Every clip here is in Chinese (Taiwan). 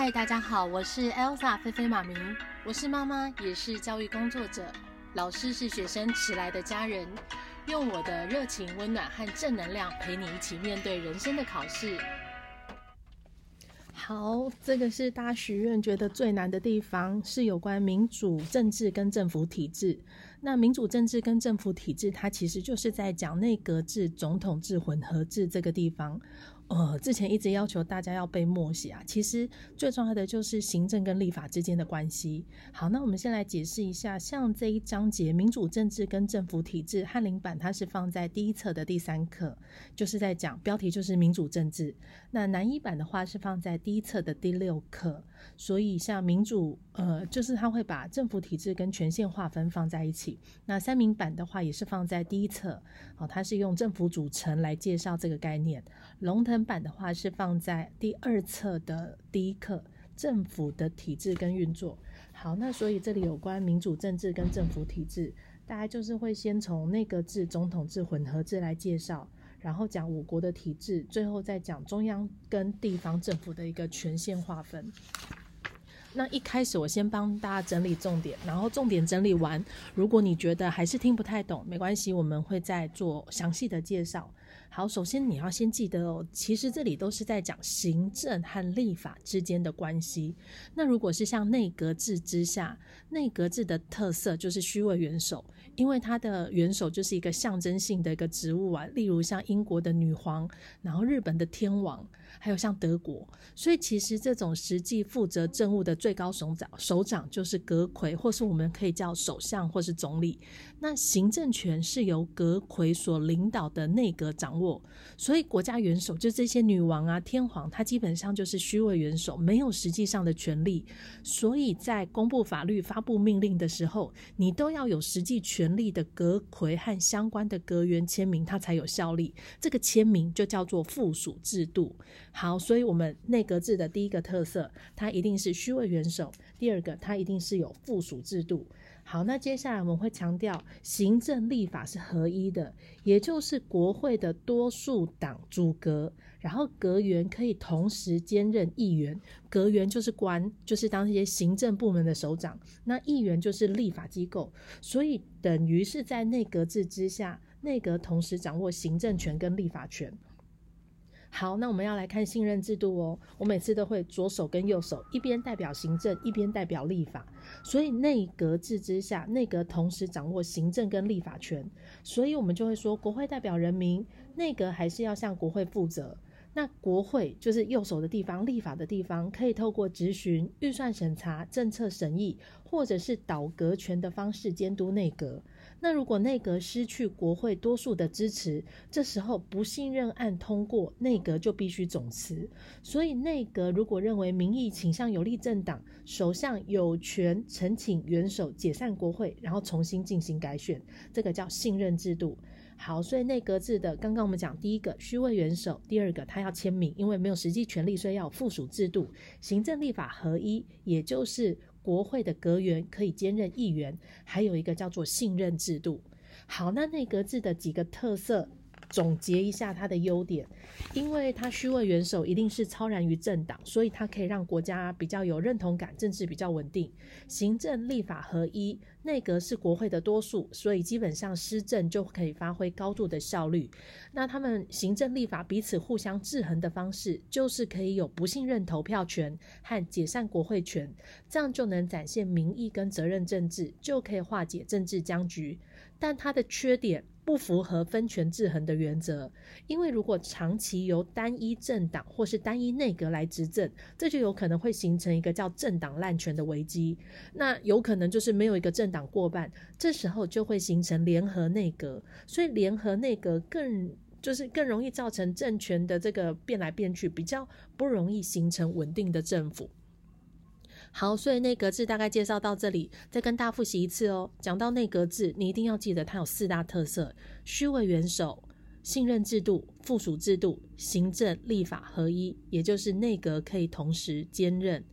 嗨，Hi, 大家好，我是 Elsa 菲菲。媽咪，我是媽媽，也是教育工作者，老師是學生遲來的家人，用我的熱情、溫暖和正能量陪你一起面對人生的考試。好，這個是大家許願覺得最難的地方，是有關民主政治跟政府體制。那民主政治跟政府體制，它其實就是在講內閣制、總統制、混合制這個地方。呃，之前一直要求大家要背默寫啊，其實最重要的就是行政跟立法之間的關係。好，那我們先來解釋一下，像這一章節民主政治跟政府體制，翰林版它是放在第一冊的第三課，就是在講標題就是民主政治。那南一版的話是放在第一冊的第六課。所以，像民主，呃，就是他會把政府體制跟權限劃分放在一起。那三民版的話也是放在第一冊，好，哦，它是用政府組成來介紹這個概念。龍騰版的話是放在第二冊的第一課，政府的體制跟運作。好，那所以這裡有關民主政治跟政府體制，大家就是會先從內閣制、總統制、混合制來介紹，然後講我國的體制，最後再講中央跟地方政府的一個權限劃分。那一開始我先幫大家整理重點，然後重點整理完，如果你覺得還是聽不太懂，沒關係，我們會再做詳細的介紹。好，首先你要先記得哦，其實這裡都是在講行政和立法之間的關係。那如果是像內閣制之下，內閣制的特色就是虛位元首，因為它的元首就是一個象徵性的一個職務啊，例如像英國的女皇，然後日本的天王。還有像德國，所以其實這種實際負責政務的最高首長，首長就是閣揆，或是我們可以叫首相，或是總理。那行政權是由閣揆所領導的內閣掌握，所以國家元首就這些女王啊、天皇，他基本上就是虛位元首，沒有實際上的權力。所以在公布法律、發布命令的時候，你都要有實際權力的閣揆和相關的閣員簽名，它才有效力。這個簽名就叫做副署制度。好，所以我們內閣制的第一個特色，它一定是虛位元首；第二個，它一定是有副署制度。好，那接下來我們會強調行政立法是合一的，也就是國會的多數黨組閣，然後閣員可以同時兼任議員，閣員就是官，就是當一些行政部門的首長，那議員就是立法機構，所以等於是在內閣制之下，內閣同時掌握行政權跟立法權。好，那我們要來看信任制度哦。我每次都會左手跟右手一邊代表行政，一邊代表立法。所以內閣制之下，內閣同時掌握行政跟立法權。所以我們就會說，國會代表人民，內閣還是要向國會負責。那國會就是右手的地方，立法的地方，可以透過質詢、預算審查、政策審議，或者是倒閣權的方式監督內閣。那如果內閣失去國會多數的支持，這時候不信任案通過，內閣就必須總辭。所以內閣如果認為民意傾向有利政黨，首相有權呈請元首解散國會，然後重新進行改選，這個叫信任制度。好，所以內閣制的，剛剛我們講第一個虛位元首，第二個他要簽名，因為沒有實際權力，所以要有副署制度，行政立法合一，也就是。國會的閣員可以兼任議員，還有一個叫做信任制度。好，那內閣制的幾個特色。總結一下它的優點，因為它虛位元首一定是超然於政黨，所以它可以讓國家比較有認同感，政治比較穩定，行政立法合一，內閣是國會的多數，所以基本上施政就可以發揮高度的效率。那他們行政立法彼此互相制衡的方式，就是可以有不信任投票權和解散國會權，這樣就能展現民意跟責任政治，就可以化解政治僵局。但它的缺點。不符合分權制衡的原則，因為如果長期由單一政黨或是單一內閣來執政，這就有可能會形成一個叫政黨濫權的危機。那有可能就是沒有一個政黨過半，這時候就會形成聯合內閣，所以聯合內閣更，就是更容易造成政權的這個變來變去，比較不容易形成穩定的政府。好，所以內閣制大概介紹到這裡，再跟大家複習一次哦。講到內閣制，你一定要記得它有四大特色：虛位元首、信任制度、副署制度、行政立法合一，也就是內閣可以同時兼任，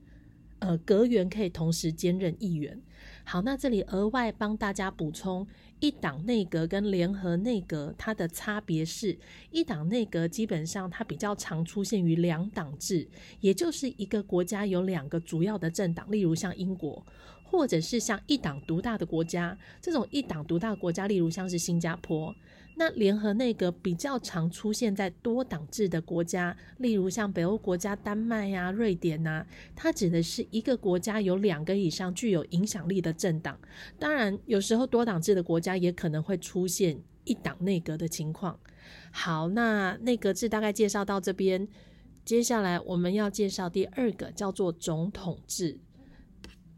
呃，閣員可以同時兼任議員。好，那這裡額外幫大家補充，一黨內閣跟聯合內閣它的差別是，一黨內閣基本上它比較常出現於兩黨制，也就是一個國家有兩個主要的政黨，例如像英國，或者是像一黨獨大的國家，這種一黨獨大的國家，例如像是新加坡。那聯合內閣比較常出現在多黨制的國家，例如像北歐國家丹麥啊、瑞典吶、啊，它指的是一個國家有兩個以上具有影響力的政黨。當然，有時候多黨制的國家也可能會出現一黨內閣的情況。好，那內閣制大概介紹到這邊，接下來我們要介紹第二個，叫做總統制。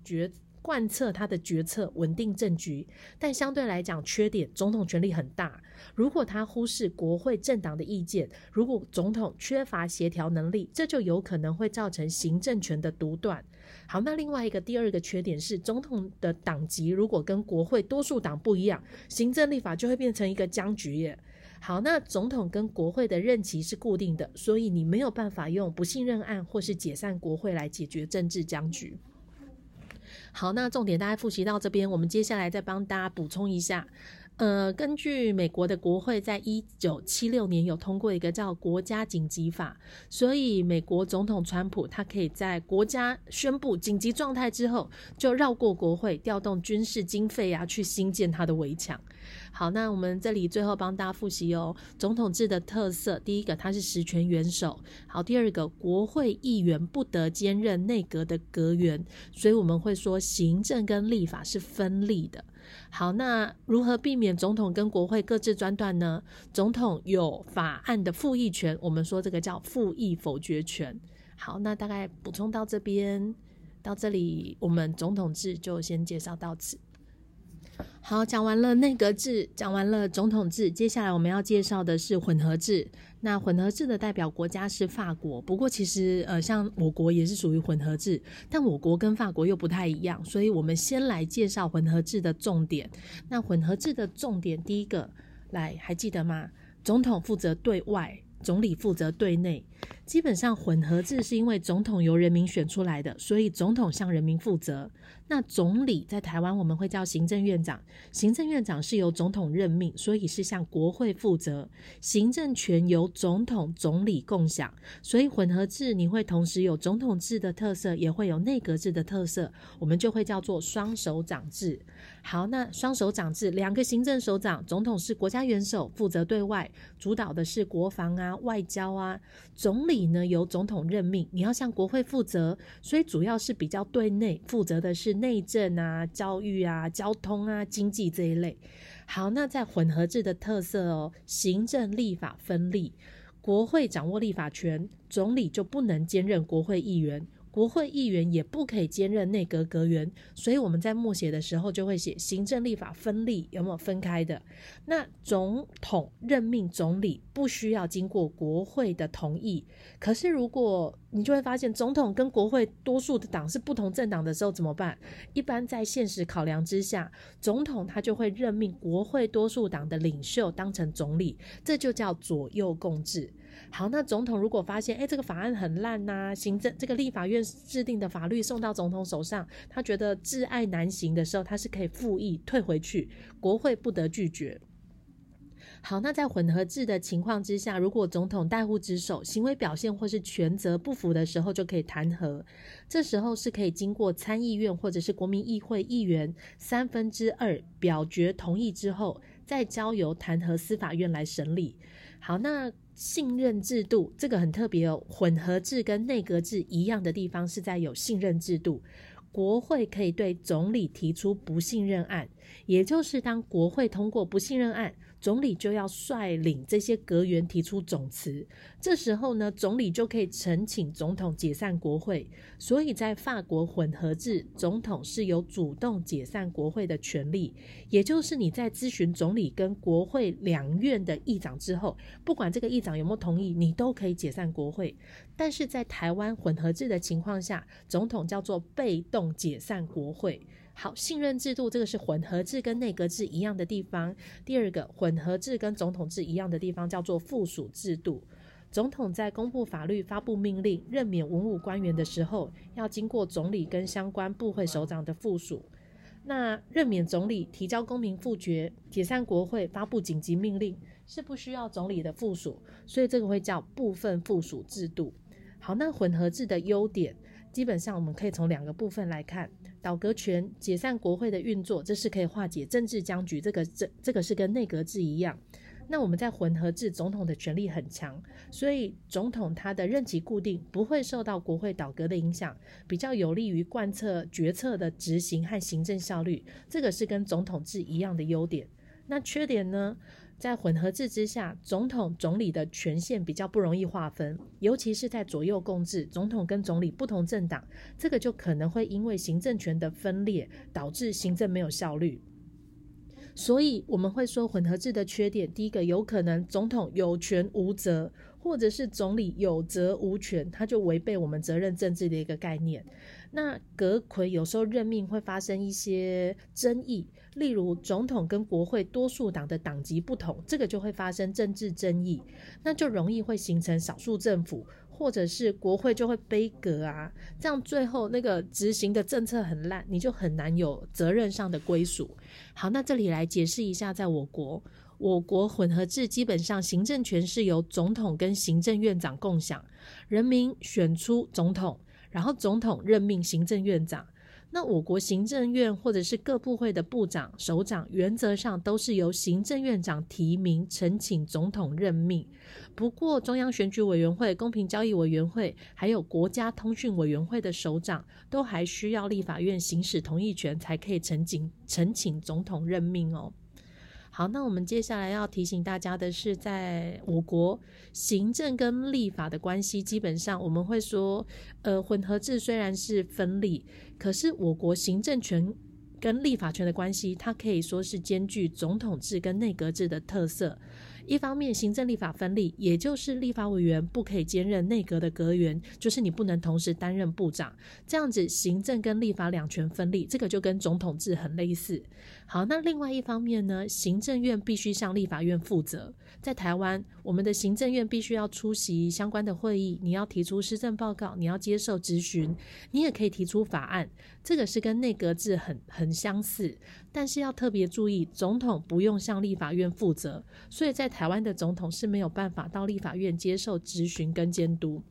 決貫徹他的決策，穩定政局，但相對來講，缺點總統權力很大。如果他忽視國會政黨的意見，如果總統缺乏協調能力，這就有可能會造成行政權的獨斷。好，那另外一個第二個缺點是，總統的黨籍如果跟國會多數黨不一樣，行政立法就會變成一個僵局耶。好，那總統跟國會的任期是固定的，所以你沒有辦法用不信任案或是解散國會來解決政治僵局。好，那重點大家複習到這邊，我們接下來再幫大家補充一下。呃，根據美國的國會在一九七六年有通過一個叫《國家緊急法》，所以美國總統川普他可以在國家宣布緊急狀態之後，就繞過國會，調動軍事經費啊，去興建他的圍牆。好，那我們這裡最後幫大家複習哦，總統制的特色，第一個它是實權元首，好，第二個國會議員不得兼任內閣的閣員，所以我們會說行政跟立法是分立的。好，那如何避免總統跟國會各自專斷呢？總統有法案的複議權，我們說這個叫複議否決權。好，那大概補充到這邊，到這裡，我們總統制就先介紹到此。好，講完了內閣制，講完了總統制，接下來我們要介紹的是混合制。那混合制的代表國家是法國，不過其實呃，像我國也是屬於混合制，但我國跟法國又不太一樣，所以我們先來介紹混合制的重點。那混合制的重點，第一個來，還記得嗎？總統負責對外，總理負責對內。基本上混合制是因為總統由人民選出來的，所以總統向人民負責。那總理在台灣我們會叫行政院長，行政院長是由總統任命，所以是向國會負責。行政權由總統、總理共享，所以混合制你會同時有總統制的特色，也會有內閣制的特色，我們就會叫做雙首長制。好，那雙首長制兩個行政首長，總統是國家元首，負責對外主導的是國防啊、外交啊。總理呢，由總統任命，你要向國會負責，所以主要是比較對內負責的是內政啊、教育啊、交通啊、經濟這一類。好，那在混合制的特色哦，行政立法分立，國會掌握立法權，總理就不能兼任國會議員。國會議員也不可以兼任內閣閣員，所以我們在默寫的時候就會寫行政立法分立，有沒有分開的？那總統任命總理不需要經過國會的同意，可是如果你就會發現總統跟國會多數的黨是不同政黨的時候怎麼辦？一般在現實考量之下，總統他就會任命國會多數黨的領袖當成總理，這就叫左右共治。好，那總統如果發現，哎，這個法案很爛吶，啊，行政這個立法院制定的法律送到總統手上，他覺得窒礙難行的時候，他是可以覆議，退回去，國會不得拒絕。好，那在混合制的情況之下，如果總統怠忽職守，行為表現或是權責不符的時候，就可以彈劾，這時候是可以經過參議院或者是國民議會議員三分之二表決同意之後，再交由彈劾司法院來審理。好，那。信任制度，這個很特別哦，混合制跟內閣制一樣的地方是在有信任制度，國會可以對總理提出不信任案，也就是當國會通過不信任案。總理就要率領這些閣員提出總辭，這時候呢，總理就可以呈請總統解散國會。所以在法國混合制，總統是有主動解散國會的權力，也就是你在諮詢總理跟國會兩院的議長之後，不管這個議長有沒有同意，你都可以解散國會。但是在台灣混合制的情況下，總統叫做被動解散國會。好，信任制度這個是混合制跟內閣制一樣的地方。第二個，混合制跟總統制一樣的地方叫做副署制度。總統在公布法律、發布命令、任免文武官員的時候，要經過總理跟相關部會首長的副署。那任免總理、提交公民複決、解散國會、發布緊急命令是不需要總理的副署，所以這個會叫部分副署制度。好，那混合制的優點，基本上我們可以從兩個部分來看。倒閣權解散國會的運作，這是可以化解政治僵局。這個這這個是跟內閣制一樣。那我們在混合制，總統的權力很強，所以總統他的任期固定，不會受到國會倒閣的影響，比較有利於貫徹決策的執行和行政效率。這個是跟總統制一樣的優點。那缺點呢？在混合制之下，總統、總理的權限比較不容易劃分，尤其是在左右共治，總統跟總理不同政黨，這個就可能會因為行政權的分裂，導致行政沒有效率。所以我們會說混合制的缺點，第一個有可能總統有權無責，或者是總理有責無權，他就違背我們責任政治的一個概念。那閣揆有時候任命會發生一些爭議，例如總統跟國會多數黨的黨籍不同，這個就會發生政治爭議，那就容易會形成少數政府。或者是國會就會背鍋啊，這樣最後那個執行的政策很爛，你就很難有責任上的歸屬。好，那這裡來解釋一下，在我國，我國混合制基本上行政權是由總統跟行政院長共享，人民選出總統，然後總統任命行政院長。那我國行政院或者是各部會的部長、首長，原則上都是由行政院長提名、呈請總統任命。不過，中央選舉委員會、公平交易委員會還有國家通訊委員會的首長，都還需要立法院行使同意權，才可以呈請、呈請總統任命哦。好，那我們接下來要提醒大家的是，在我國行政跟立法的關係，基本上我們會說，呃，混合制雖然是分立，可是我國行政權跟立法權的關係，它可以說是兼具總統制跟內閣制的特色。一方面行政立法分立，也就是立法委員不可以兼任內閣的閣員，就是你不能同時擔任部長，這樣子行政跟立法兩權分立，這個就跟總統制很類似。好，那另外一方面呢？行政院必須向立法院負責。在台灣，我們的行政院必須要出席相關的會議，你要提出施政報告，你要接受質詢，你也可以提出法案。這個是跟內閣制很很相似，但是要特別注意，總統不用向立法院負責，所以在台灣的總統是沒有辦法到立法院接受質詢跟監督。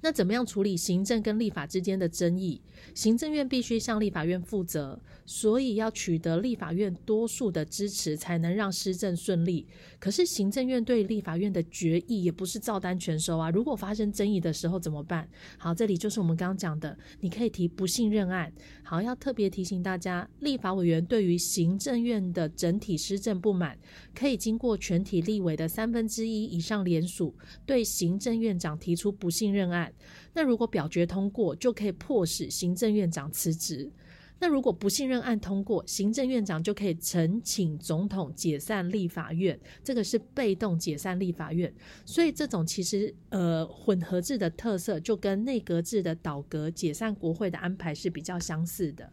那怎麼樣處理行政跟立法之間的爭議？行政院必須向立法院負責，所以要取得立法院多數的支持，才能讓施政順利。可是行政院對立法院的決議也不是照單全收啊，如果發生爭議的時候怎麼辦？好，這裡就是我們剛剛講的，你可以提不信任案。好，要特別提醒大家，立法委員對於行政院的整體施政不滿，可以經過全體立委的三分之一以上聯署，對行政院長提出不信任案。那如果表決通過，就可以迫使行政院長辭職；那如果不信任案通過，行政院長就可以呈請總統解散立法院，這個是被動解散立法院。所以這種其實呃混合制的特色，就跟內閣制的倒閣解散國會的安排是比較相似的。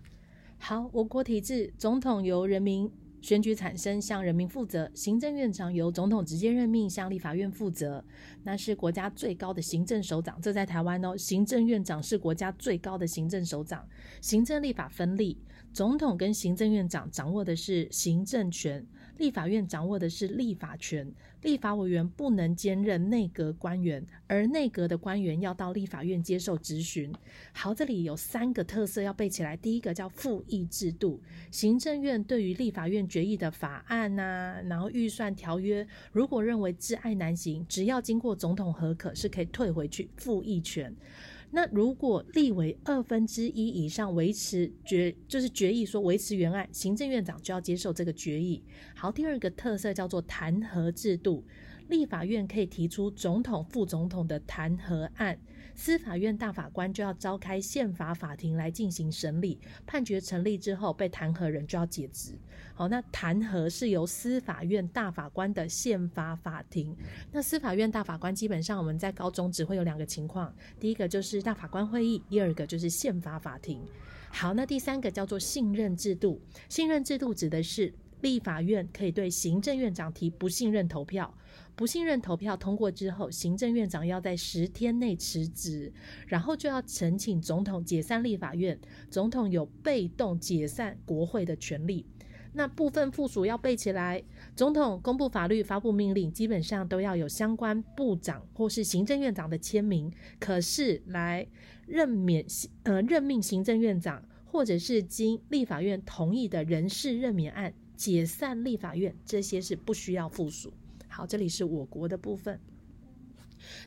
好，我國體制，總統由人民。選舉產生，向人民負責；行政院長由總統直接任命，向立法院負責。那是國家最高的行政首長。這在台灣哦，行政院長是國家最高的行政首長。行政立法分立，總統跟行政院長掌握的是行政權。立法院掌握的是立法權，立法委員不能兼任內閣官員，而內閣的官員要到立法院接受質詢。好，這裡有三個特色要背起來，第一個叫復議制度，行政院對於立法院決議的法案吶、啊，然後預算條約，如果認為窒礙難行，只要經過總統核可，是可以退回去復議權。那如果立為二分之一以上維持決，就是決議說維持原案，行政院長就要接受這個決議。好，第二個特色叫做彈劾制度。立法院可以提出總統、副總統的彈劾案，司法院大法官就要召開憲法法庭來進行審理。判決成立之後，被彈劾人就要解職。好，那彈劾是由司法院大法官的憲法法庭。那司法院大法官基本上我們在高中只會有兩個情況，第一個就是大法官會議，第二個就是憲法法庭。好，那第三個叫做信任制度。信任制度指的是。立法院可以對行政院長提不信任投票，不信任投票通過之後，行政院長要在十天內辭職，然後就要呈請總統解散立法院，總統有被動解散國會的權利。那部分副署要背起來。總統公布法律、發布命令，基本上都要有相關部長或是行政院長的簽名。可是來任免，呃，任命行政院長，或者是經立法院同意的人事任免案，解散立法院，這些是不需要副署。好，這裡是我國的部分。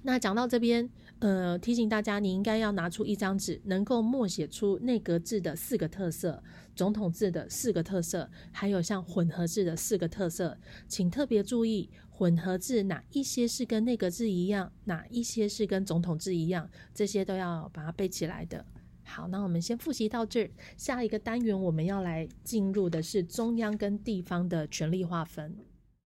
那講到這邊，呃，提醒大家，你應該要拿出一張紙，能夠默寫出內閣制的四個特色、總統制的四個特色，還有像混合制的四個特色。請特別注意，混合制哪一些是跟內閣制一樣，哪一些是跟總統制一樣，這些都要把它背起來的。好，那我們先複習到這兒。下一個單元我們要來進入的是中央跟地方的權力劃分。